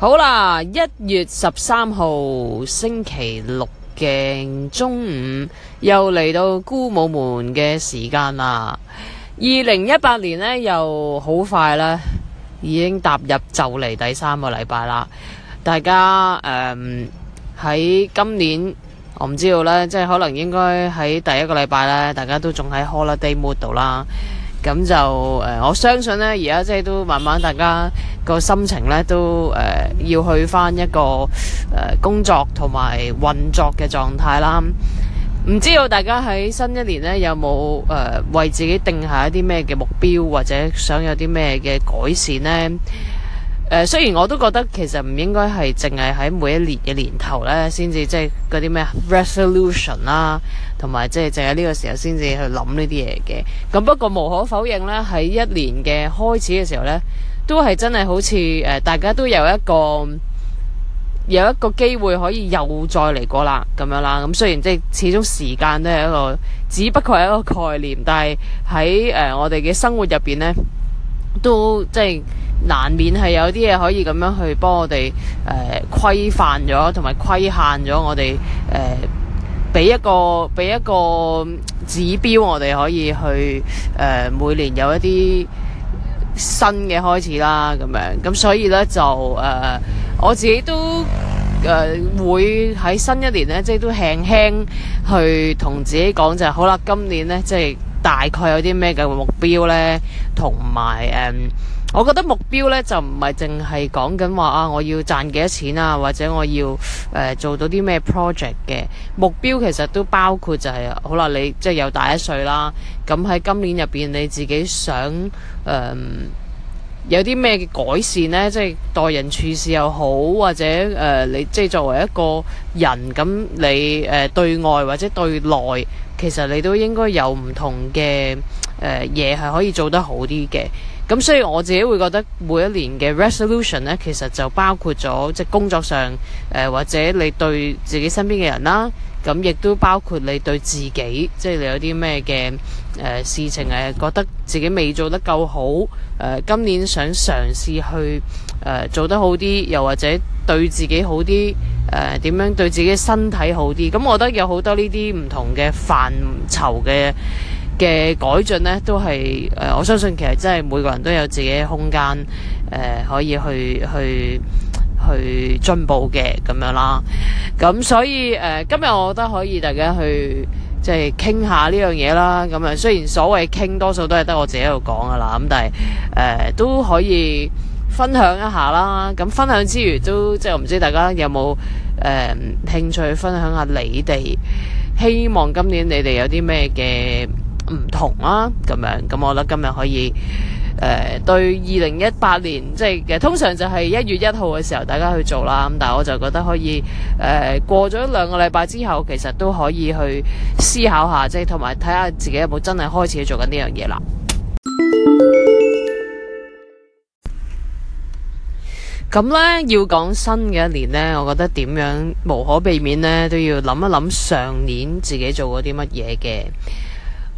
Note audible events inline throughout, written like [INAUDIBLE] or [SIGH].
好啦，一月十三號星期六嘅中午，又嚟到菇掌門嘅時間啦。二零一八年呢，又好快啦，已經踏入就嚟第三個禮拜啦。大家誒，喺、呃、今年我唔知道呢，即係可能應該喺第一個禮拜呢，大家都仲喺 holiday mood 度啦。咁就誒，我相信呢，而家即係都慢慢大家個心情呢，都誒要去翻一個誒工作同埋運作嘅狀態啦。唔知道大家喺新一年呢，有冇誒為自己定下一啲咩嘅目標，或者想有啲咩嘅改善呢？誒、呃，雖然我都覺得其實唔應該係淨係喺每一年嘅年頭咧，先至即係嗰啲咩 resolution 啦，同埋、啊、即係淨係呢個時候先至去諗呢啲嘢嘅。咁不過無可否認咧，喺一年嘅開始嘅時候咧，都係真係好似誒、呃，大家都有一個、呃、有一個有一個機會可以又再嚟過啦咁樣啦。咁、嗯、雖然即係始終時間都係一個，只不過係一個概念，但係喺誒我哋嘅生活入邊咧，都即係。難免係有啲嘢可以咁樣去幫我哋誒、呃、規範咗，同埋規限咗我哋誒，俾、呃、一個俾一個指標，我哋可以去誒、呃、每年有一啲新嘅開始啦。咁樣咁、嗯、所以呢，就誒、呃，我自己都誒、呃、會喺新一年呢，即、就、係、是、都輕輕去同自己講就係、是、好啦。今年呢，即、就、係、是、大概有啲咩嘅目標呢？同埋誒。嗯。我覺得目標呢，就唔係淨係講緊話啊，我要賺幾多錢啊，或者我要誒、呃、做到啲咩 project 嘅目標，其實都包括就係、是、好啦，你即係又大一歲啦，咁喺今年入邊你自己想誒、呃、有啲咩嘅改善呢？即係待人處事又好，或者誒、呃、你即係作為一個人，咁你誒、呃、對外或者對內，其實你都應該有唔同嘅。誒嘢係可以做得好啲嘅，咁、嗯、所以我自己會覺得每一年嘅 resolution 呢，其實就包括咗即係工作上誒、呃，或者你對自己身邊嘅人啦，咁、啊、亦都包括你對自己，即係你有啲咩嘅誒事情誒，覺得自己未做得夠好，誒、呃、今年想嘗試去誒、呃、做得好啲，又或者對自己好啲，誒、呃、點樣對自己身體好啲，咁、嗯、我覺得有好多呢啲唔同嘅範疇嘅。嘅改進呢都係誒、呃，我相信其實真係每個人都有自己嘅空間誒、呃，可以去去去進步嘅咁樣啦。咁、啊、所以誒、呃，今日我覺得可以大家去即係傾下呢樣嘢啦。咁啊，雖然所謂傾多數都係得我自己喺度講㗎啦，咁但係誒、呃、都可以分享一下啦。咁、啊、分享之餘，都即係我唔知大家有冇誒、呃、興趣分享下你哋希望今年你哋有啲咩嘅。唔同啦、啊，咁樣咁樣我覺得今日可以誒、呃，對二零一八年即係通常就係一月一號嘅時候，大家去做啦。咁但係我就覺得可以誒、呃，過咗兩個禮拜之後，其實都可以去思考下，即係同埋睇下自己有冇真係開始做緊呢樣嘢啦。咁 [MUSIC] 呢，要講新嘅一年呢，我覺得點樣無可避免呢，都要諗一諗上年自己做過啲乜嘢嘅。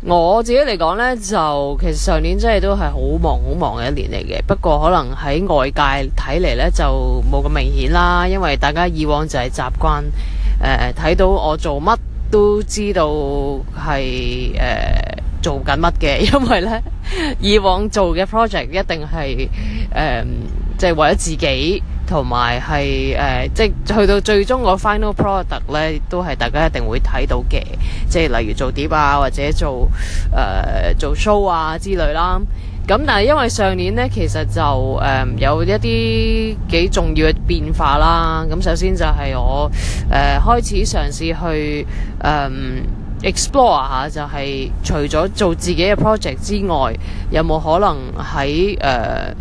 我自己嚟講呢，就其實上年真係都係好忙好忙嘅一年嚟嘅。不過可能喺外界睇嚟呢，就冇咁明顯啦，因為大家以往就係習慣、呃、睇到我做乜都知道係誒、呃、做緊乜嘅，因為呢以往做嘅 project 一定係即係為咗自己。同埋係誒，即係去到最終個 final product 咧，都係大家一定會睇到嘅。即係例如做碟啊，或者做誒、呃、做 show 啊之類啦。咁但係因為上年咧，其實就誒、呃、有一啲幾重要嘅變化啦。咁、嗯、首先就係我誒、呃、開始嘗試去誒、呃、explore 下，就係、係、除咗做自己嘅 project 之外，有冇可能喺誒、呃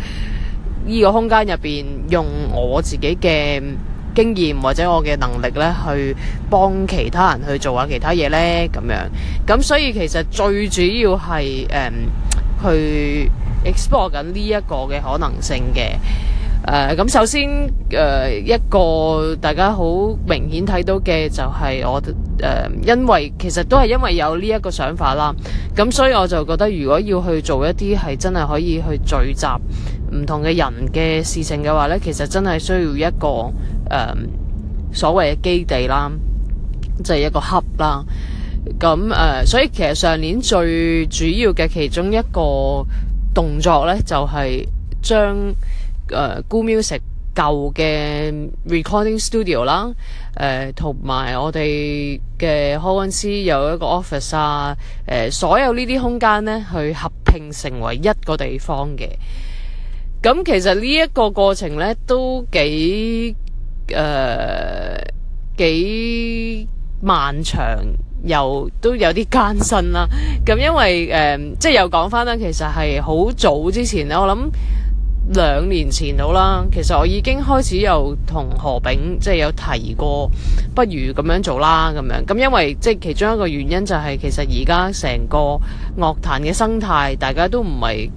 呢個空間入邊，用我自己嘅經驗或者我嘅能力呢，去幫其他人去做下其他嘢呢。咁樣咁。所以其實最主要係誒、嗯、去 explore 緊呢一個嘅可能性嘅誒。咁、呃、首先誒、呃、一個大家好明顯睇到嘅就係我誒、呃，因為其實都係因為有呢一個想法啦。咁所以我就覺得如果要去做一啲係真係可以去聚集。唔同嘅人嘅事情嘅話咧，其實真係需要一個誒所謂嘅基地啦，就係一個 Hub 啦。咁誒，所以其實上年最主要嘅其中一個動作咧，就係將誒菇 Music 舊嘅 Recording Studio 啦，誒同埋我哋嘅開音師有一個 Office 啊，誒所有呢啲空間咧去合併，成為一個地方嘅。咁其實呢一個過程呢，都幾誒、呃、幾漫長，又都有啲艱辛啦。咁因為誒、呃，即係又講翻啦，其實係好早之前咧，我諗兩年前到啦。其實我已經開始有同何炳即係有提過，不如咁樣做啦咁樣。咁因為即係其中一個原因就係、係，其實而家成個樂壇嘅生態，大家都唔係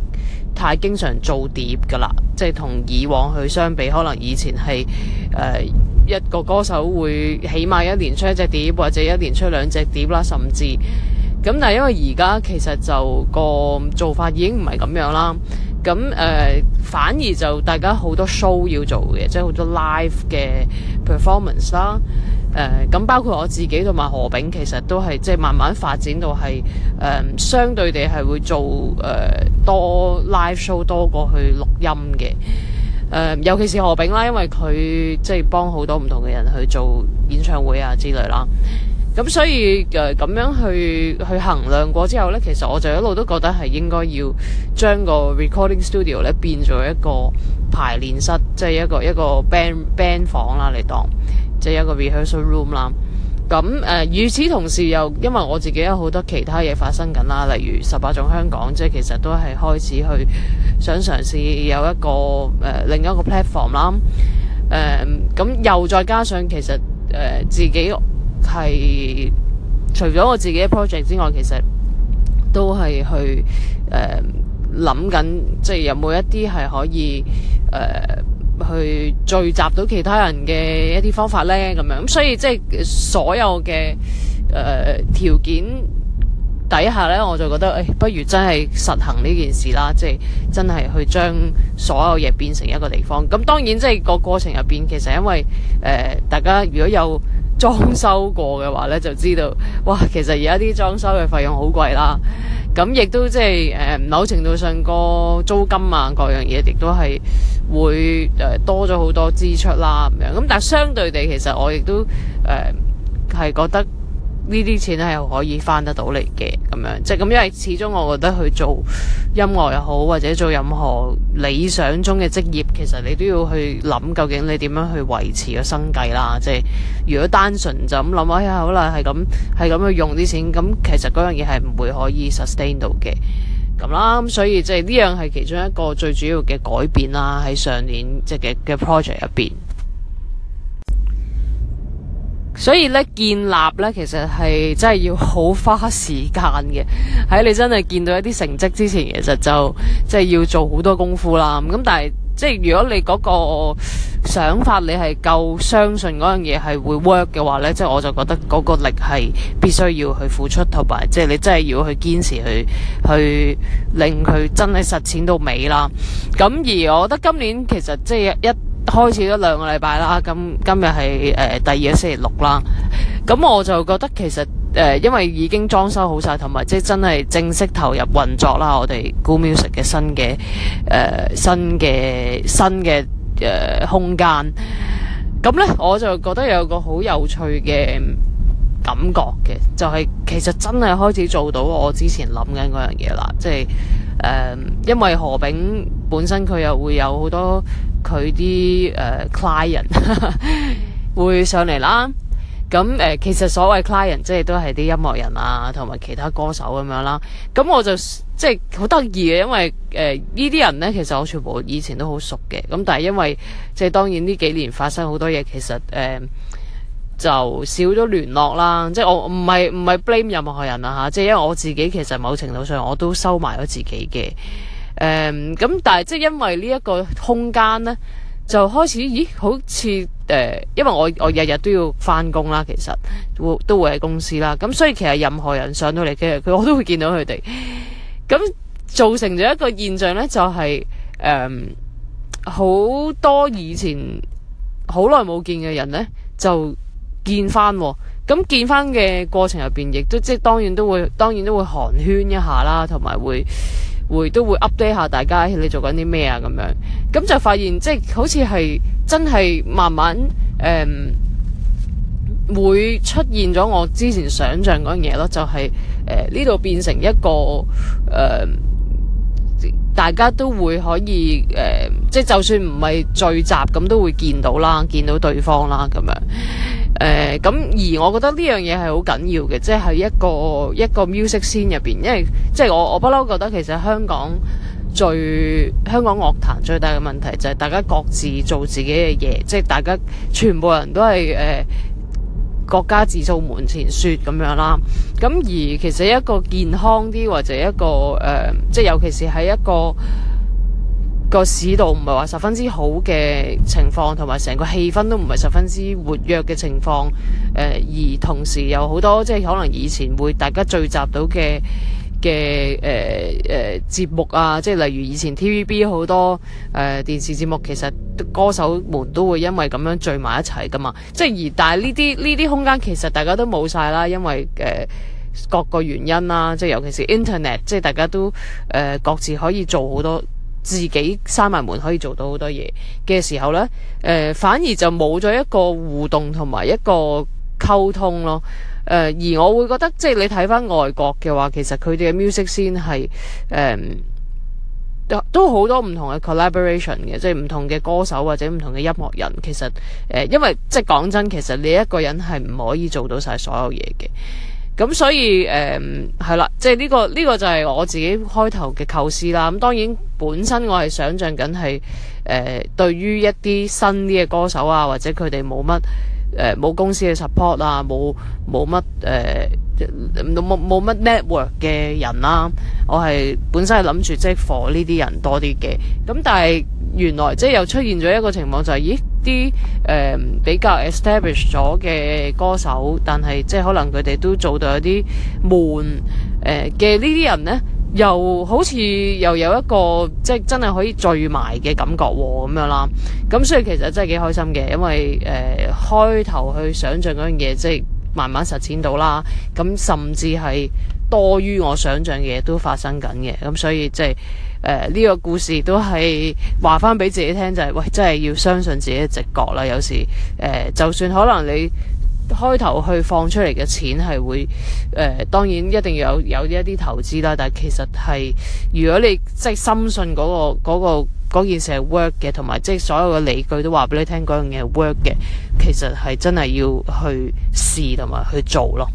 太經常做碟噶啦，即係同以往去相比，可能以前係誒、呃、一個歌手會起碼一年出一隻碟，或者一年出兩隻碟啦，甚至咁。但係因為而家其實就個做法已經唔係咁樣啦，咁誒、呃、反而就大家好多 show 要做嘅，即係好多 live 嘅 performance 啦。誒咁、uh, 包括我自己同埋何炳，其實都係即係慢慢發展到係誒、嗯、相對地係會做誒、呃、多 live show 多過去錄音嘅誒、嗯，尤其是何炳啦，因為佢即係幫好多唔同嘅人去做演唱會啊之類啦。咁所以誒咁、呃、樣去去衡量過之後呢，其實我就一路都覺得係應該要將個 recording studio 咧變做一個排練室，即係一個一個 band band 房啦嚟當。你即係一個 rehearsal room 啦，咁誒、呃，與此同時又因為我自己有好多其他嘢發生緊啦，例如十八種香港，即係其實都係開始去想嘗試有一個誒、呃、另一個 platform 啦，誒、呃、咁又再加上其實誒、呃、自己係除咗我自己嘅 project 之外，其實都係去誒諗緊，即係有冇一啲係可以誒。呃去聚集到其他人嘅一啲方法咧，咁樣咁，所以即係所有嘅誒條件底下咧，我就覺得誒，不如真係實行呢件事啦，即係真係去將所有嘢變成一個地方。咁當然即係個過程入邊其實因為誒大家如果有。裝修過嘅話呢，就知道哇，其實而家啲裝修嘅費用好貴啦，咁亦都即係誒唔某程度上個租金啊，各樣嘢亦都係會誒、呃、多咗好多支出啦咁樣。咁但係相對地，其實我亦都誒係、呃、覺得。呢啲錢咧係可以翻得到嚟嘅，咁樣即係咁，因為始終我覺得去做音樂又好，或者做任何理想中嘅職業，其實你都要去諗究竟你點樣去維持個生計啦。即係如果單純就咁諗，哎呀好啦，係咁係咁去用啲錢，咁其實嗰樣嘢係唔會可以 sustain 到嘅，咁啦。咁所以即係呢樣係其中一個最主要嘅改變啦，喺上年即係嘅 project 入邊。所以咧，建立咧，其實係真係要好花時間嘅。喺你真係見到一啲成績之前，其實就即係要做好多功夫啦。咁但係即係如果你嗰個想法你係夠相信嗰樣嘢係會 work 嘅話呢，即係我就覺得嗰個力係必須要去付出，同埋即係你真係要去堅持去去令佢真係實踐到尾啦。咁而我覺得今年其實即係一。開始咗兩個禮拜啦，咁今日係誒第二個星期六啦。咁我就覺得其實誒、呃，因為已經裝修好晒，同埋即係真係正式投入運作啦。我哋 Goo Music 嘅新嘅誒、呃、新嘅新嘅誒、呃、空間咁呢，我就覺得有個好有趣嘅感覺嘅，就係、是、其實真係開始做到我之前諗緊嗰樣嘢啦。即係誒，因為何炳本身佢又會有好多。佢啲誒 client [LAUGHS] 會上嚟啦，咁誒、呃、其實所謂 client 即係都係啲音樂人啊，同埋其他歌手咁樣啦。咁我就即係好得意嘅，因為誒呢啲人呢，其實我全部以前都好熟嘅。咁但係因為即係當然呢幾年發生好多嘢，其實誒、呃、就少咗聯絡啦。即係我唔係唔係 blame 任何人啦、啊、嚇，即係因為我自己其實某程度上我都收埋咗自己嘅。誒，咁但係即係因為呢一個空間咧，就開始咦，好似誒，因為我我日日都要翻工啦，其實會都會喺公司啦，咁所以其實任何人上到嚟嘅佢，我都會見到佢哋，咁造成咗一個現象咧，就係誒，好多以前好耐冇見嘅人咧，就見翻喎，咁見翻嘅過程入邊，亦都即係當然都會，當然都會寒暄一下啦，同埋會。會都會 update 下大家，你做緊啲咩啊咁樣，咁就發現即係好似係真係慢慢誒、呃，會出現咗我之前想象嗰樣嘢咯，就係誒呢度變成一個誒、呃，大家都會可以誒、呃，即係就算唔係聚集咁都會見到啦，見到對方啦咁樣。誒咁、呃、而我覺得呢樣嘢係好緊要嘅，即係一個一個 music scene 入邊，因為即係我我不嬲覺得其實香港最香港樂壇最大嘅問題就係大家各自做自己嘅嘢，即係大家全部人都係誒、呃、國家自掃門前雪咁樣啦。咁而其實一個健康啲或者一個誒、呃，即係尤其是喺一個，個市道唔係話十分之好嘅情況，同埋成個氣氛都唔係十分之活躍嘅情況，誒、呃、而同時有好多即係可能以前會大家聚集到嘅嘅誒誒節目啊，即係例如以前 TVB 好多誒、呃、電視節目，其實歌手們都會因為咁樣聚埋一齊㗎嘛，即係而但係呢啲呢啲空間其實大家都冇晒啦，因為誒、呃、各個原因啦、啊，即係尤其是 Internet，即係大家都誒、呃、各自可以做好多。自己閂埋門可以做到好多嘢嘅時候呢，誒、呃，反而就冇咗一個互動同埋一個溝通咯。誒、呃，而我會覺得即係你睇翻外國嘅話，其實佢哋嘅 music 先係誒都都好多唔同嘅 collaboration 嘅，即係唔同嘅歌手或者唔同嘅音樂人。其實誒、呃，因為即係講真，其實你一個人係唔可以做到晒所有嘢嘅。咁、嗯、所以誒係、嗯、啦，即係、呢、呢個呢、呢個就係我自己開頭嘅構思啦。咁、嗯、當然本身我係想像緊係誒對於一啲新啲嘅歌手啊，或者佢哋冇乜誒冇公司嘅 support 啊，冇冇乜誒。冇冇乜 network 嘅人啦，我係本身係諗住即係 for 呢啲人多啲嘅，咁但係原來即係又出現咗一個情況就係，咦啲誒比較 establish 咗嘅歌手，但係即係可能佢哋都做到有啲悶誒嘅呢啲人呢，又好似又有一個即係真係可以聚埋嘅感覺咁樣啦，咁所以其實真係幾開心嘅，因為誒開頭去想象嗰樣嘢即係。慢慢實踐到啦，咁甚至係多於我想像嘅嘢都發生緊嘅。咁所以即係誒呢個故事都係話翻俾自己聽，就係，就係喂，真係要相信自己嘅直覺啦。有時誒、呃，就算可能你開頭去放出嚟嘅錢係會誒、呃，當然一定要有有一啲投資啦，但係其實係如果你即係深信嗰個嗰個，那個嗰件事係 work 嘅，同埋即係所有嘅理據都話俾你聽，嗰樣嘢係 work 嘅。其實係真係要去試同埋去做咯。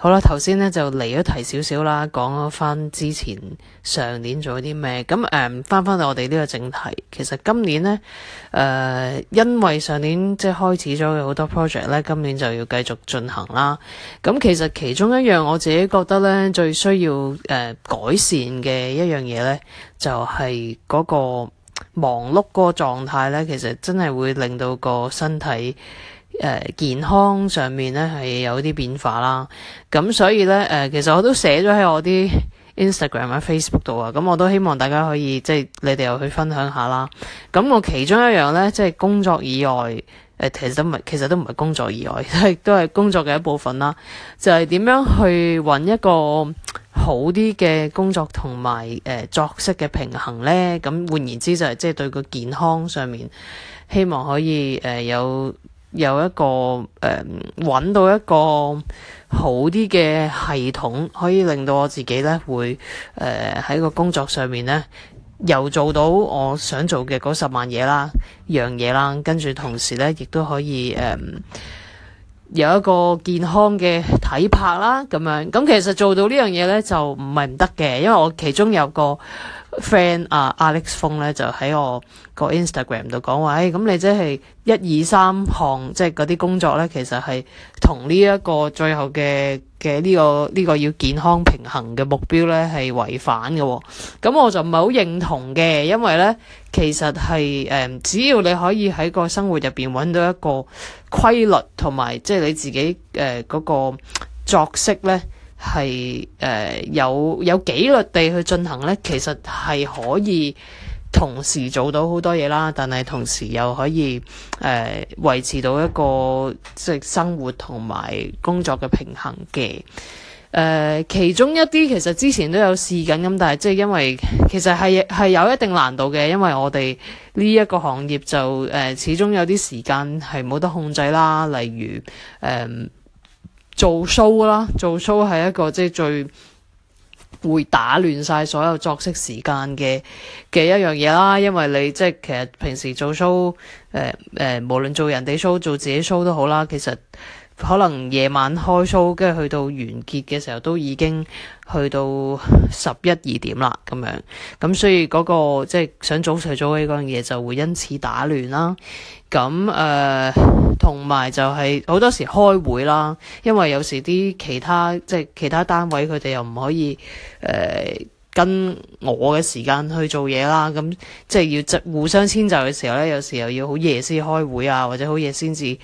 好啦，頭先咧就離咗題少少啦，講咗翻之前上年做啲咩，咁誒翻翻到我哋呢個正題，其實今年呢，誒、呃，因為上年即係開始咗嘅好多 project 呢，今年就要繼續進行啦。咁其實其中一樣我自己覺得呢最需要誒、呃、改善嘅一樣嘢呢，就係、是、嗰個忙碌嗰個狀態咧，其實真係會令到個身體。誒、呃、健康上面咧係有啲變化啦，咁所以咧誒、呃、其實我都寫咗喺我啲 Instagram 啊 Facebook 度啊，咁我都希望大家可以即係你哋又去分享下啦。咁我其中一樣咧，即係工作以外誒，其實都唔其實都唔係工作以外，呃、都係都係工作嘅 [LAUGHS] 一部分啦。就係、是、點樣去搵一個好啲嘅工作同埋誒作息嘅平衡咧？咁換言之就係、是、即係對個健康上面希望可以誒、呃、有。有一個誒揾、呃、到一個好啲嘅系統，可以令到我自己呢會誒喺、呃、個工作上面呢，又做到我想做嘅嗰十萬嘢啦，樣嘢啦，跟住同時呢，亦都可以誒、呃、有一個健康嘅體魄啦，咁樣咁、嗯、其實做到呢樣嘢呢，就唔係唔得嘅，因為我其中有個。friend 啊、uh, Alex 峯咧就喺我個 Instagram 度講話，誒、hey, 咁你即係一二三項即係嗰啲工作咧，其實係同呢一個最後嘅嘅呢個呢、這個要健康平衡嘅目標咧係違反嘅、哦。咁我就唔係好認同嘅，因為咧其實係誒、呃，只要你可以喺個生活入邊搵到一個規律同埋即係你自己誒嗰、呃那個作息咧。係誒、呃、有有紀律地去進行呢？其實係可以同時做到好多嘢啦，但係同時又可以誒、呃、維持到一個即係生活同埋工作嘅平衡嘅。誒、呃、其中一啲其實之前都有試緊咁，但係即係因為其實係係有一定難度嘅，因為我哋呢一個行業就誒、呃、始終有啲時間係冇得控制啦，例如誒。呃做 show 啦，做 show 係一個即係、就是、最會打亂晒所有作息時間嘅嘅一樣嘢啦，因為你即係、就是、其實平時做 show，誒、呃、誒、呃，無論做人哋 show 做自己 show 都好啦，其實。可能夜晚開 show，跟住去到完結嘅時候，都已經去到十一二點啦，咁樣咁，所以嗰、那個即係想早睡早起嗰樣嘢就會因此打亂啦。咁誒，同、呃、埋就係好多時開會啦，因為有時啲其他即係其他單位佢哋又唔可以誒。呃跟我嘅時間去做嘢啦，咁即係要互相遷就嘅時候呢，有時候要好夜先開會啊，或者好夜先至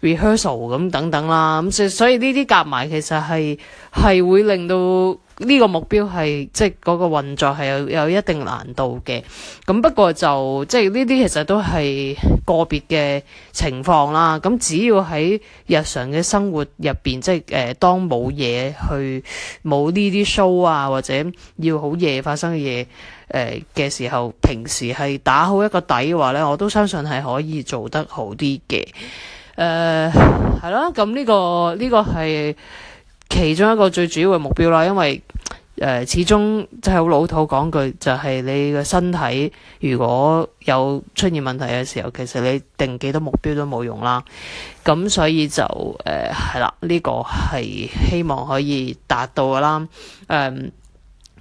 rehearsal 咁等等啦，咁所以呢啲夾埋其實係係會令到。呢個目標係即係嗰個運作係有有一定難度嘅，咁不過就即係呢啲其實都係個別嘅情況啦。咁只要喺日常嘅生活入邊，即係誒、呃、當冇嘢去冇呢啲 show 啊，或者要好夜發生嘅嘢誒嘅時候，平時係打好一個底話呢，我都相信係可以做得好啲嘅。誒係咯，咁呢個、嗯、呢個係其中一個最主要嘅目標啦，因為。誒、呃，始終真係好老土講句，就係、是、你個身體如果有出現問題嘅時候，其實你定幾多目標都冇用啦。咁、嗯、所以就誒係啦，呢、呃這個係希望可以達到噶啦。誒、嗯，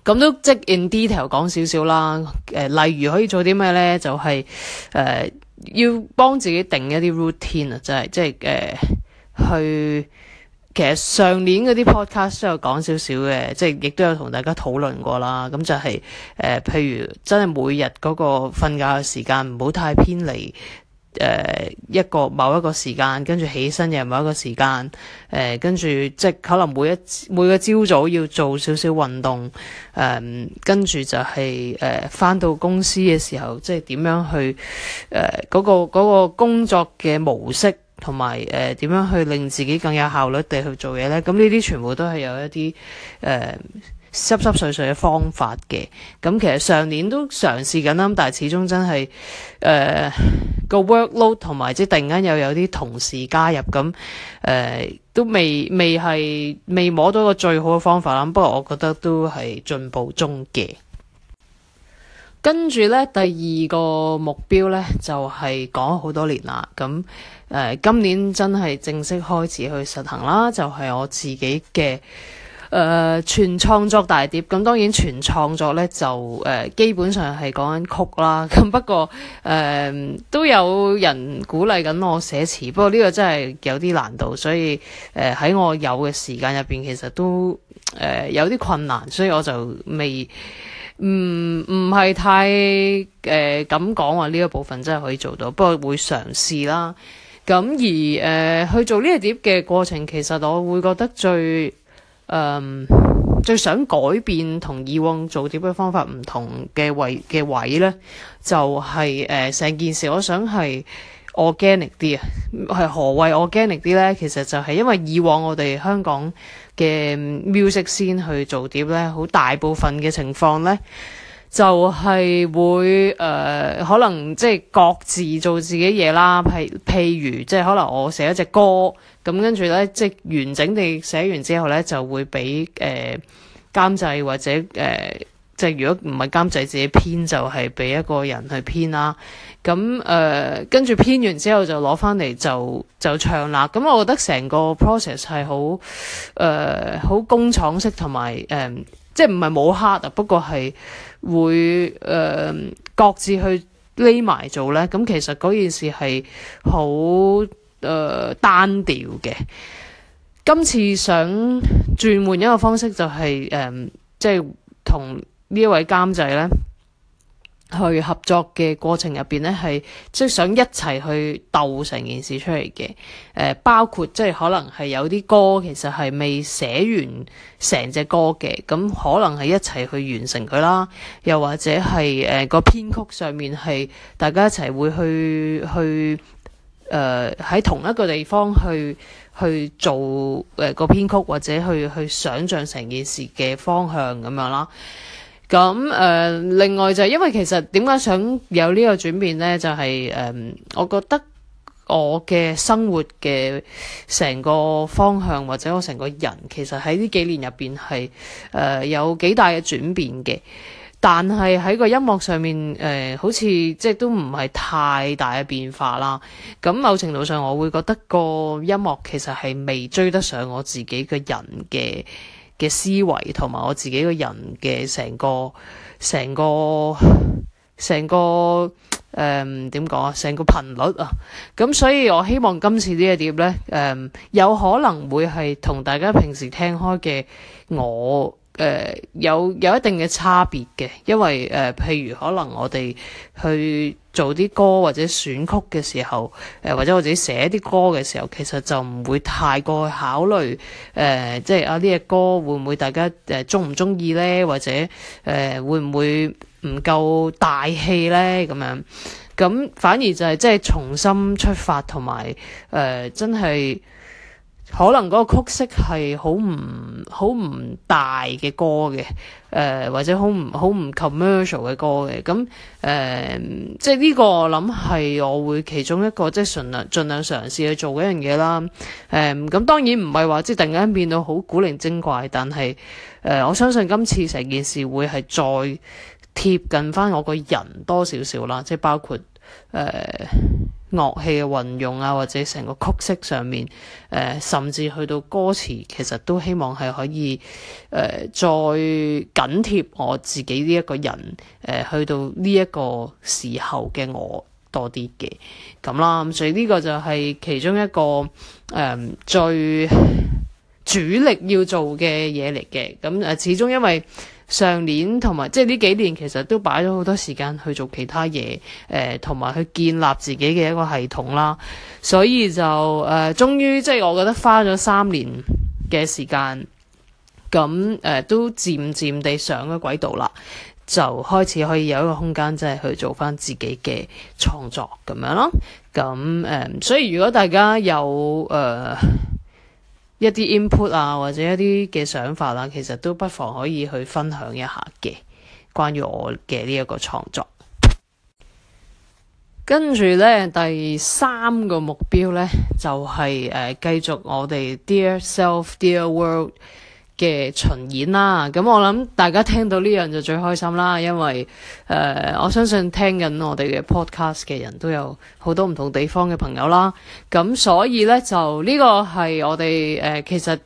咁都即 in detail 講少少啦。誒、呃，例如可以做啲咩呢？就係、是、誒、呃，要幫自己定一啲 routine 啊，就係即係誒、呃、去。其實上年嗰啲 podcast 都有講少少嘅，即係亦都有同大家討論過啦。咁就係、是、誒、呃，譬如真係每日嗰個瞓覺嘅時間唔好太偏離誒、呃、一個某一個時間，跟住起身又某一個時間誒，跟、呃、住即係可能每一每個朝早要做少少運動誒，跟、呃、住就係誒返到公司嘅時候，即係點樣去誒嗰、呃那個嗰、那個工作嘅模式。同埋誒點樣去令自己更有效率地去做嘢呢？咁呢啲全部都係有一啲誒、呃、濕濕碎碎嘅方法嘅。咁其實上年都嘗試緊啦，但係始終真係誒、呃、個 workload 同埋即係突然間又有啲同事加入咁誒、呃，都未未係未摸到個最好嘅方法啦。不過我覺得都係進步中嘅。 [LAUGHS] 跟住呢，第二個目標呢就係、是、講咗好多年啦，咁。誒、呃，今年真係正式開始去實行啦，就係、是、我自己嘅誒、呃、全創作大碟。咁當然全創作呢就誒、呃、基本上係講緊曲啦。咁不過誒、呃、都有人鼓勵緊我寫詞，不過呢個真係有啲難度，所以誒喺、呃、我有嘅時間入邊，其實都誒、呃、有啲困難，所以我就未唔唔係太誒敢講話，呢一部分真係可以做到，不過會嘗試啦。咁而誒去做呢個碟嘅過程，其實我會覺得最誒最想改變同以往做碟嘅方法唔同嘅位嘅位咧，就係誒成件事。我想係 organic 啲啊，係何謂 organic 啲咧？其實就係因為以往我哋香港嘅 music scene 去做碟咧，好大部分嘅情況咧。就係會誒、呃，可能即係各自做自己嘢啦。譬譬如即係可能我寫一隻歌，咁跟住呢，即係完整地寫完之後呢，就會俾誒、呃、監製或者誒、呃、即係如果唔係監製自己編就係、是、俾一個人去編啦。咁誒跟住編完之後就攞翻嚟就就唱啦。咁我覺得成個 process 係好誒好工廠式同埋誒。即係唔係冇黑，u 不過係會誒、呃、各自去匿埋做咧。咁其實嗰件事係好誒單調嘅。今次想轉換一個方式，就是，就係誒即係同呢一位監製咧。去合作嘅過程入邊呢，係即係想一齊去鬥成件事出嚟嘅。誒、呃，包括即係、就是、可能係有啲歌其實係未寫完成隻歌嘅，咁可能係一齊去完成佢啦。又或者係誒個編曲上面係大家一齊會去去誒喺、呃、同一個地方去去做誒個編曲，或者去去想像成件事嘅方向咁樣啦。咁誒、呃，另外就是、因為其實點解想有呢個轉變咧，就係、是、誒、呃，我覺得我嘅生活嘅成個方向或者我成個人，其實喺呢幾年入邊係誒有幾大嘅轉變嘅，但係喺個音樂上面誒、呃，好似即係都唔係太大嘅變化啦。咁某程度上，我會覺得個音樂其實係未追得上我自己嘅人嘅。嘅思維同埋我自己個人嘅成個成個成個誒，點講啊？成個頻率啊，咁所以我希望今次呢個碟咧，誒有可能會係同大家平時聽開嘅我。誒、呃、有有一定嘅差別嘅，因為誒、呃、譬如可能我哋去做啲歌或者選曲嘅時候，誒、呃、或者我自己寫啲歌嘅時候，其實就唔會太過去考慮誒、呃，即係啊呢隻歌會唔會大家誒鍾唔鍾意呢？或者誒、呃、會唔會唔夠大氣呢？咁樣，咁反而就係、是、即係重新出發，同埋誒真係。可能嗰個曲式係好唔好唔大嘅歌嘅，誒、呃、或者好唔好唔 commercial 嘅歌嘅，咁誒、呃、即係呢個我諗係我會其中一個即係盡量盡量嘗試去做一樣嘢啦。誒、呃、咁當然唔係話即係突然間變到好古靈精怪，但係誒、呃、我相信今次成件事會係再貼近翻我個人多少少啦，即係包括誒、呃樂器嘅運用啊，或者成個曲式上面，誒、呃、甚至去到歌詞，其實都希望係可以誒、呃、再緊貼我自己呢一個人，誒、呃、去到呢一個時候嘅我多啲嘅咁啦。咁所以呢個就係其中一個誒、呃、最主力要做嘅嘢嚟嘅。咁誒，始終因為，上年同埋即係呢幾年，其實都擺咗好多時間去做其他嘢，誒同埋去建立自己嘅一個系統啦。所以就誒，終於即係我覺得花咗三年嘅時間，咁誒都漸漸地上咗軌道啦，就開始可以有一個空間，即係去做翻自己嘅創作咁樣咯。咁誒，所以如果大家有誒。一啲 input 啊，或者一啲嘅想法啦，其實都不妨可以去分享一下嘅關於我嘅呢一個創作。跟住呢第三個目標呢，就係，誒，繼續我哋 Dear Self，Dear World。嘅巡演啦，咁我諗大家聽到呢樣就最開心啦，因為誒、呃、我相信聽緊我哋嘅 podcast 嘅人都有好多唔同地方嘅朋友啦，咁所以呢，就呢、呢個係我哋誒、呃、其實。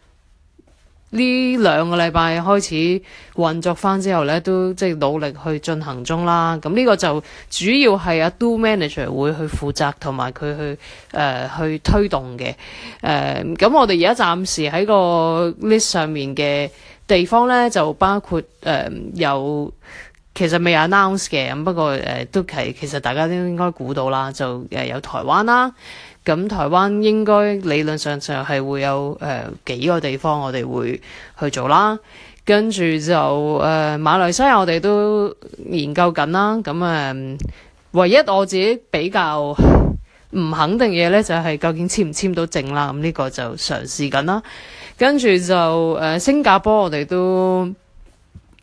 呢兩個禮拜開始運作翻之後呢，都即係努力去進行中啦。咁、嗯、呢、這個就主要係阿 Do Manager 會去負責同埋佢去誒、呃、去推動嘅。誒、呃、咁我哋而家暫時喺個 list 上面嘅地方呢，就包括誒、呃、有其實未有 announce 嘅咁，不過誒、呃、都係其實大家都應該估到啦，就誒有台灣啦。咁台灣應該理論上就係會有誒、呃、幾個地方我哋會去做啦，跟住就誒、呃、馬來西亞我哋都研究緊啦。咁、嗯、誒，唯一我自己比較唔肯定嘅咧，就係、是、究竟簽唔簽到證啦。咁、嗯、呢、這個就嘗試緊啦。跟住就誒、呃、新加坡我哋都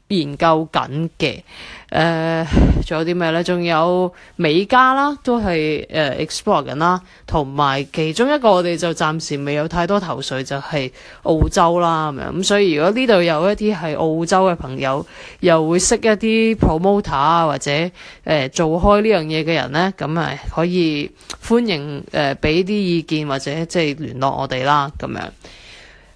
研究緊嘅，誒、呃，仲有啲咩呢？仲有美加啦，都係誒 explore 緊啦，同埋其中一個我哋就暫時未有太多頭緒，就係、是、澳洲啦咁樣。咁、嗯、所以如果呢度有一啲係澳洲嘅朋友，又會識一啲 promoter 啊，或者誒、呃、做開呢樣嘢嘅人呢，咁咪可以歡迎誒俾啲意見或者即係聯絡我哋啦，咁樣。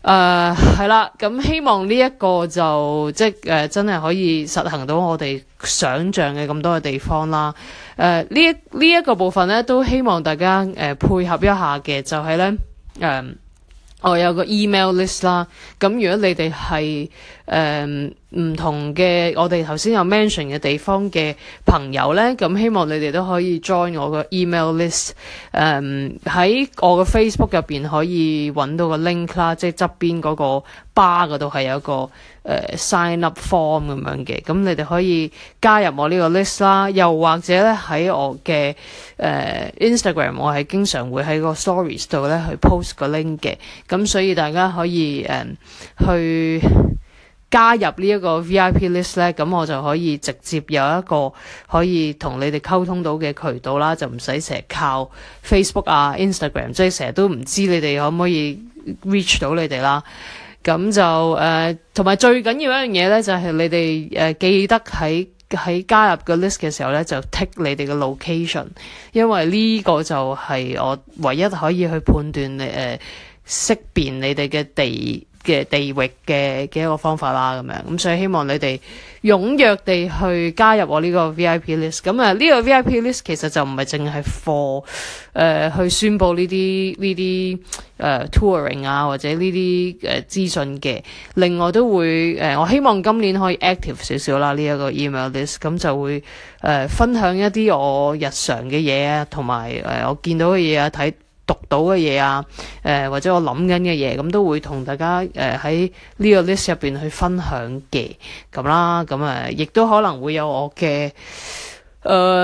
誒係啦，咁、uh, 嗯、希望呢一個就即係、呃、真係可以實行到我哋想像嘅咁多嘅地方啦。誒呢呢一個部分咧都希望大家誒、呃、配合一下嘅，就係咧誒我有個 email list 啦。咁、嗯、如果你哋係誒。呃唔同嘅，我哋頭先有 mention 嘅地方嘅朋友呢，咁希望你哋都可以 join 我個 email list，誒喺、um, 我個 Facebook 入邊可以揾到個 link 啦，即係側邊嗰個 bar 度係有一個、uh, sign up form 咁樣嘅，咁你哋可以加入我呢個 list 啦，又或者呢喺我嘅、uh, Instagram，我係經常會喺個 stories 度呢去 post 個 link 嘅，咁所以大家可以誒、um, 去。加入呢一個 VIP list 咧，咁我就可以直接有一個可以同你哋溝通到嘅渠道啦，就唔使成日靠 Facebook 啊、Instagram，即係成日都唔知你哋可唔可以 reach 到你哋啦。咁就誒同埋最緊要一樣嘢咧，就係、是、你哋誒、呃、記得喺喺加入個 list 嘅時候咧，就 tick 你哋嘅 location，因為呢個就係我唯一可以去判斷、呃、你誒識別你哋嘅地。嘅地域嘅嘅一個方法啦，咁樣，咁所以希望你哋踴躍地去加入我呢個 VIP list。咁啊，呢個 VIP list 其實就唔係淨係 for 誒、呃、去宣布呢啲呢啲誒 touring 啊，或者呢啲誒資訊嘅。另外都會誒、呃、我希望今年可以 active 少少啦呢一個 email list。咁就會誒、呃、分享一啲我日常嘅嘢啊，同埋誒我見到嘅嘢啊睇讀到嘅嘢啊，誒、呃、或者我諗緊嘅嘢，咁、嗯、都會同大家誒喺呢個 list 入邊去分享嘅咁啦，咁啊亦都可能會有我嘅誒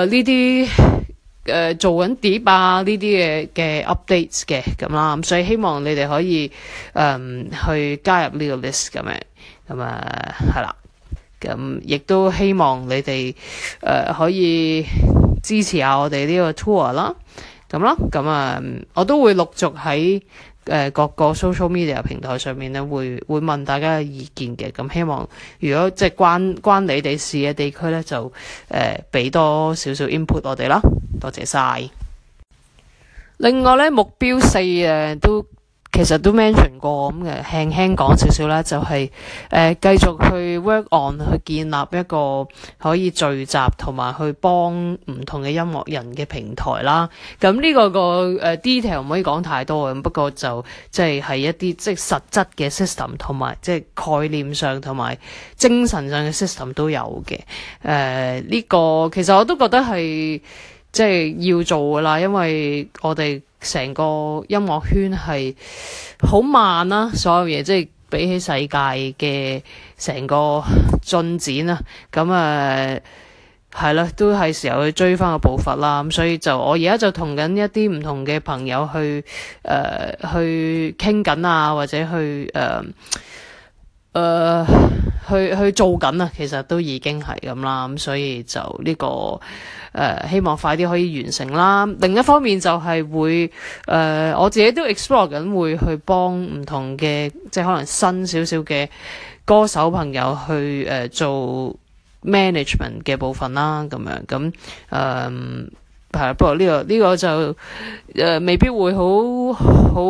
呢啲誒做緊碟啊呢啲嘅嘅 updates 嘅咁啦，咁、嗯、所以希望你哋可以誒、呃、去加入呢個 list 咁樣，咁啊係啦，咁亦都希望你哋誒、呃、可以支持下我哋呢個 tour 啦。咁啦，咁啊，我都會陸續喺誒、呃、各個 social media 平台上面咧，會會問大家嘅意見嘅。咁希望如果即係關關你哋事嘅地區咧，就誒俾、呃、多少少 input 我哋啦。多謝晒！另外咧，目標四誒、呃、都。其實都 mention 過，咁嘅，輕輕講少少啦，就係誒繼續去 work on 去建立一個可以聚集以幫同埋去幫唔同嘅音樂人嘅平台啦。咁、嗯、呢、呢個個誒、呃、detail 唔可以講太多嘅，不過就即係係一啲即係實質嘅 system 同埋即係概念上同埋精神上嘅 system 都有嘅。誒、呃、呢、呢個其實我都覺得係即係要做噶啦，因為我哋。成個音樂圈係好慢啦，所有嘢即係比起世界嘅成個進展啊。咁誒係啦，都係時候去追翻個步伐啦。咁所以就我而家就同緊一啲唔同嘅朋友去誒、呃、去傾緊啊，或者去誒。呃誒、呃，去去做緊啊，其實都已經係咁啦，咁所以就呢個誒、呃，希望快啲可以完成啦。另一方面就係會誒、呃，我自己都 explore 緊，會去幫唔同嘅，即係可能新少少嘅歌手朋友去誒、呃、做 management 嘅部分啦，咁樣咁誒，係不過呢個呢個就誒、呃，未必會好好。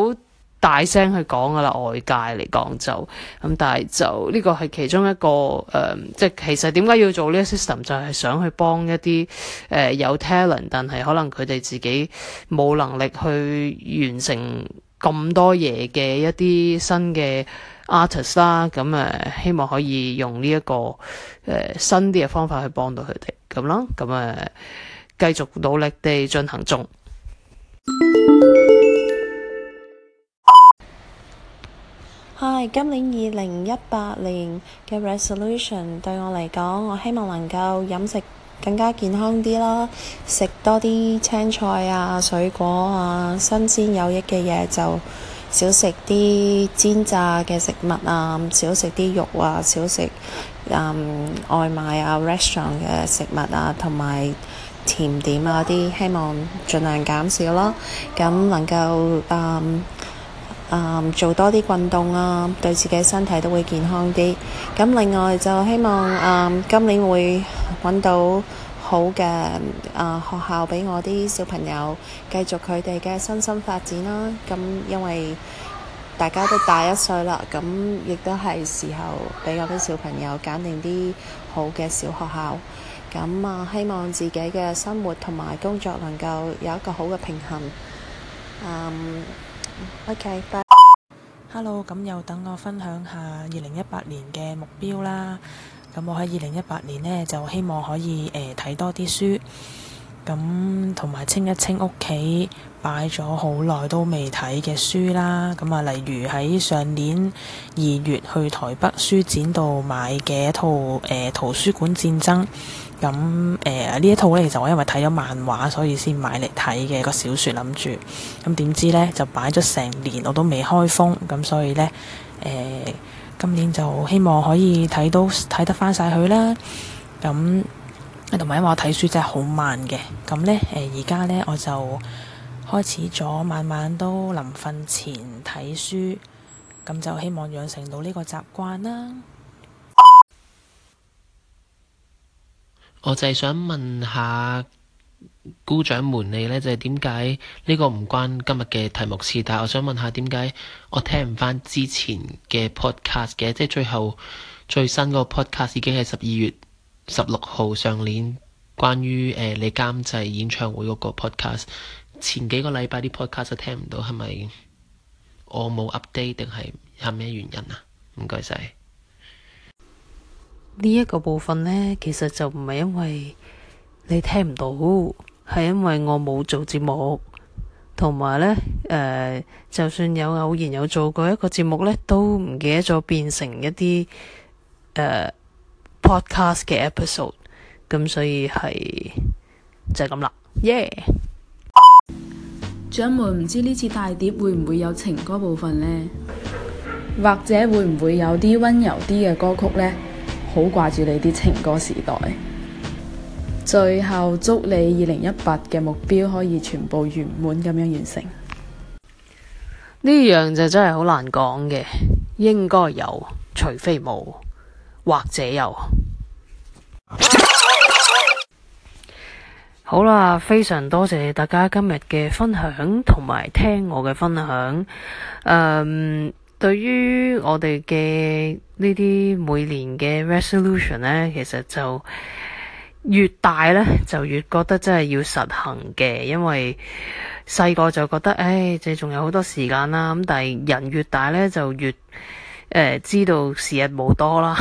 大聲去講噶啦，外界嚟講就咁、嗯，但係就呢、呢個係其中一個誒、呃，即係其實點解要做呢個 system 就係想去幫一啲誒、呃、有 talent 但係可能佢哋自己冇能力去完成咁多嘢嘅一啲新嘅 artist 啦，咁、嗯、誒希望可以用呢、呢個呃、一個誒新啲嘅方法去幫到佢哋咁囉，咁誒繼續努力地進行中。 [MUSIC] Hi，今年二零一八年嘅 resolution 對我嚟講，我希望能夠飲食更加健康啲啦。食多啲青菜啊、水果啊、新鮮有益嘅嘢就少食啲煎炸嘅食物啊，少食啲肉啊，少食嗯外賣啊、restaurant 嘅食物啊，同埋甜點啊啲，希望儘量減少咯，咁能夠嗯。Um, 做多啲運動啊，對自己身體都會健康啲。咁另外就希望、嗯、今年會揾到好嘅啊、呃、學校畀我啲小朋友繼續佢哋嘅身心發展啦、啊。咁因為大家都大一歲啦，咁亦都係時候畀我啲小朋友揀定啲好嘅小學校。咁啊，希望自己嘅生活同埋工作能夠有一個好嘅平衡。嗯。Okay，bye。Hello，咁又等我分享下二零一八年嘅目標啦。咁我喺二零一八年呢，就希望可以誒睇、呃、多啲書，咁同埋清一清屋企擺咗好耐都未睇嘅書啦。咁啊，例如喺上年二月去台北書展度買嘅一套誒、呃、圖書館戰爭。咁誒呢一套咧，其實我因為睇咗漫畫，所以先買嚟睇嘅個小説，諗住咁點知咧就擺咗成年我都未開封，咁、嗯、所以咧誒、呃、今年就希望可以睇到睇得翻晒佢啦。咁同埋因為我睇書真係好慢嘅，咁咧誒而家咧我就開始咗，晚晚都臨瞓前睇書，咁、嗯、就希望養成到呢個習慣啦。我就係想問下菇掌門你呢，就係點解呢個唔關今日嘅題目事？但係我想問下點解我聽唔翻之前嘅 podcast 嘅，即係最後最新個 podcast 已經係十二月十六號上年，關於、呃、你監製演唱會嗰個 podcast，前幾個禮拜啲 podcast 就聽唔到，係咪我冇 update 定係係咩原因啊？唔該晒。呢一個部分呢，其實就唔係因為你聽唔到，係因為我冇做節目，同埋呢，誒、呃，就算有偶然有做過一個節目呢，都唔記得咗變成一啲誒、呃、podcast 嘅 episode，咁所以係就係咁啦。耶、yeah!，掌門唔知呢次大碟會唔會有情歌部分呢？或者會唔會有啲温柔啲嘅歌曲呢？好掛住你啲情歌時代。最後祝你二零一八嘅目標可以全部圓滿咁樣完成。呢樣就真係好難講嘅，應該有，除非冇，或者有。 [LAUGHS] 好啦，非常多謝大家今日嘅分享同埋聽我嘅分享，誒。嗯對於我哋嘅呢啲每年嘅 resolution 呢，其實就越大呢，就越覺得真係要實行嘅。因為細個就覺得，誒、哎，即仲有好多時間啦。咁但係人越大呢，就越、呃、知道時日冇多啦。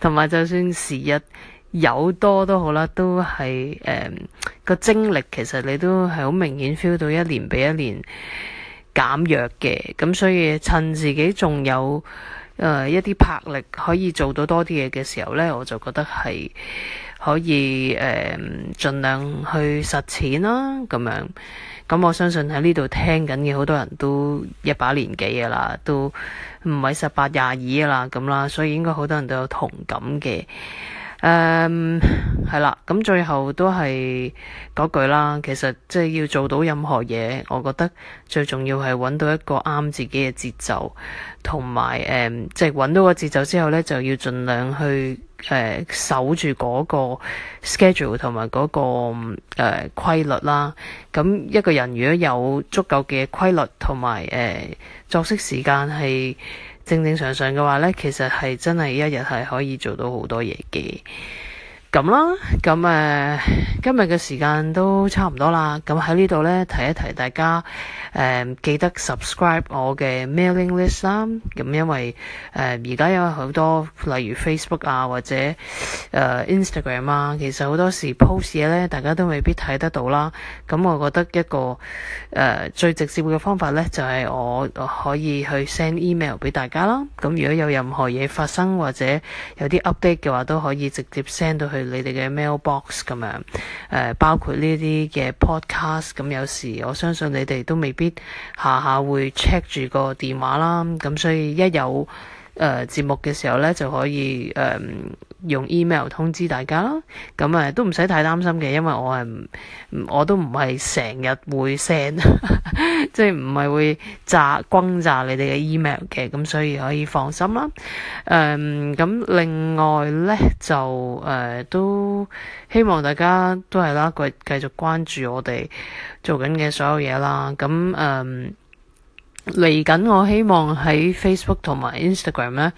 同 [LAUGHS] 埋就算時日有多都好啦，都係誒、呃、個精力其實你都係好明顯 feel 到一年比一年。減弱嘅，咁所以趁自己仲有誒、呃、一啲魄力，可以做到多啲嘢嘅時候呢，我就覺得係可以誒、呃，盡量去實踐啦，咁樣。咁我相信喺呢度聽緊嘅好多人都一把年紀嘅啦，都唔係十八廿二嘅啦，咁啦，所以應該好多人都有同感嘅。誒，係啦，um，咁最後都係嗰句啦。其實即係要做到任何嘢，我覺得最重要係揾到一個啱自己嘅節奏，同埋誒，即係揾到個節奏之後呢，就要盡量去誒，uh，守住嗰個 schedule 同埋嗰個誒規律啦。咁一個人如果有足夠嘅規律同埋誒作息時間係正正常常嘅話呢，其實係真係一日係可以做到好多嘢嘅。咁啦，咁、嗯、誒今日嘅時間都差唔多啦，咁、嗯、喺呢度咧提一提大家誒、嗯，記得 subscribe 我嘅 mailing list 啦。咁、嗯、因為誒而家有好多例如 Facebook 啊或者誒、呃、Instagram 啊，其實好多時 post 嘢咧，大家都未必睇得到啦。咁、嗯、我覺得一個誒、呃、最直接嘅方法咧，就係、是、我可以去 send email 俾大家啦。咁、嗯、如果有任何嘢發生或者有啲 update 嘅話都可以直接 send 到去。你哋嘅 mailbox 咁樣，誒、呃、包括呢啲嘅 podcast，咁有時我相信你哋都未必下下會 check 住個電話啦，咁所以一有誒、呃、節目嘅時候咧，就可以誒、呃、用 email 通知大家啦。咁、嗯、啊，都唔使太擔心嘅，因為我係我都唔係成日會 send， [LAUGHS] 即係唔係會炸轟炸你哋嘅 email 嘅，咁、嗯、所以可以放心啦。誒、嗯、咁、嗯、另外咧就誒、呃、都希望大家都係啦，繼繼續關注我哋做緊嘅所有嘢啦。咁、嗯、誒。嗯嚟緊，我希望喺 Facebook 同埋 Instagram 咧，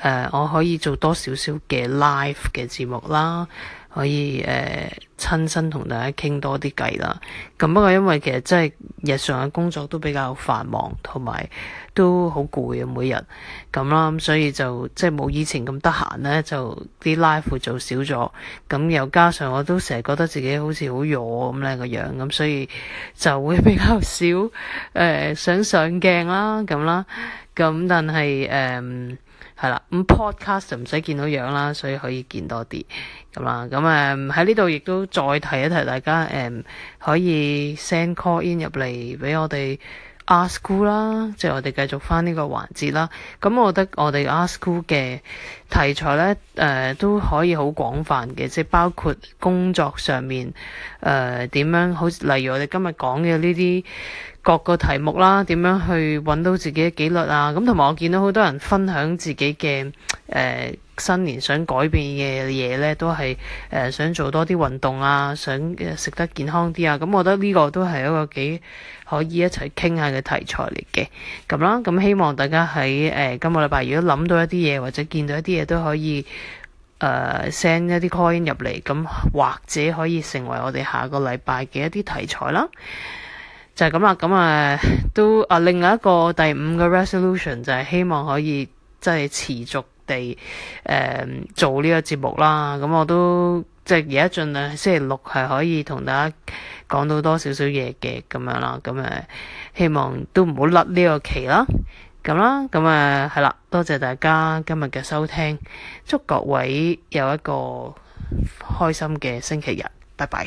誒，我可以做多少少嘅 live 嘅節目啦。可以誒、呃、親身同大家傾多啲偈啦。咁不過因為其實真係日常嘅工作都比較繁忙，同埋都好攰啊，每日咁啦，咁所以就即係冇以前咁得閒咧，就啲 live 做少咗。咁又加上我都成日覺得自己好似好弱咁咧個樣，咁所以就會比較少誒、呃、想上鏡啦，咁啦。咁但係誒。嗯係啦，咁 podcast 就唔使見到樣啦，所以可以見多啲咁啦。咁誒喺呢度亦都再提一提，大家誒、嗯、可以 send call in 入嚟俾我哋 ask school 啦，即係我哋繼續翻呢個環節啦。咁我覺得我哋 ask school 嘅題材呢誒、呃、都可以好廣泛嘅，即係包括工作上面誒點、呃、樣，好似例如我哋今日講嘅呢啲。各個題目啦，點樣去揾到自己嘅紀律啊？咁同埋我見到好多人分享自己嘅誒、呃、新年想改變嘅嘢呢，都係誒、呃、想做多啲運動啊，想食得健康啲啊。咁、嗯、我覺得呢個都係一個幾可以一齊傾下嘅題材嚟嘅，咁啦。咁、嗯、希望大家喺誒、呃、今個禮拜，如果諗到一啲嘢或者見到一啲嘢，都可以誒 send、呃、一啲 coin 入嚟，咁、嗯、或者可以成為我哋下個禮拜嘅一啲題材啦。就係咁啦，咁啊都啊，另外一個第五個 resolution 就係希望可以即係持續地誒、嗯、做呢個節目啦。咁、嗯、我都即係而家盡量星期六係可以同大家講到多少少嘢嘅咁樣啦、啊。咁誒、啊、希望都唔好甩呢個期啦。咁啦、啊，咁啊係啦，多謝大家今日嘅收聽，祝各位有一個開心嘅星期日。拜拜。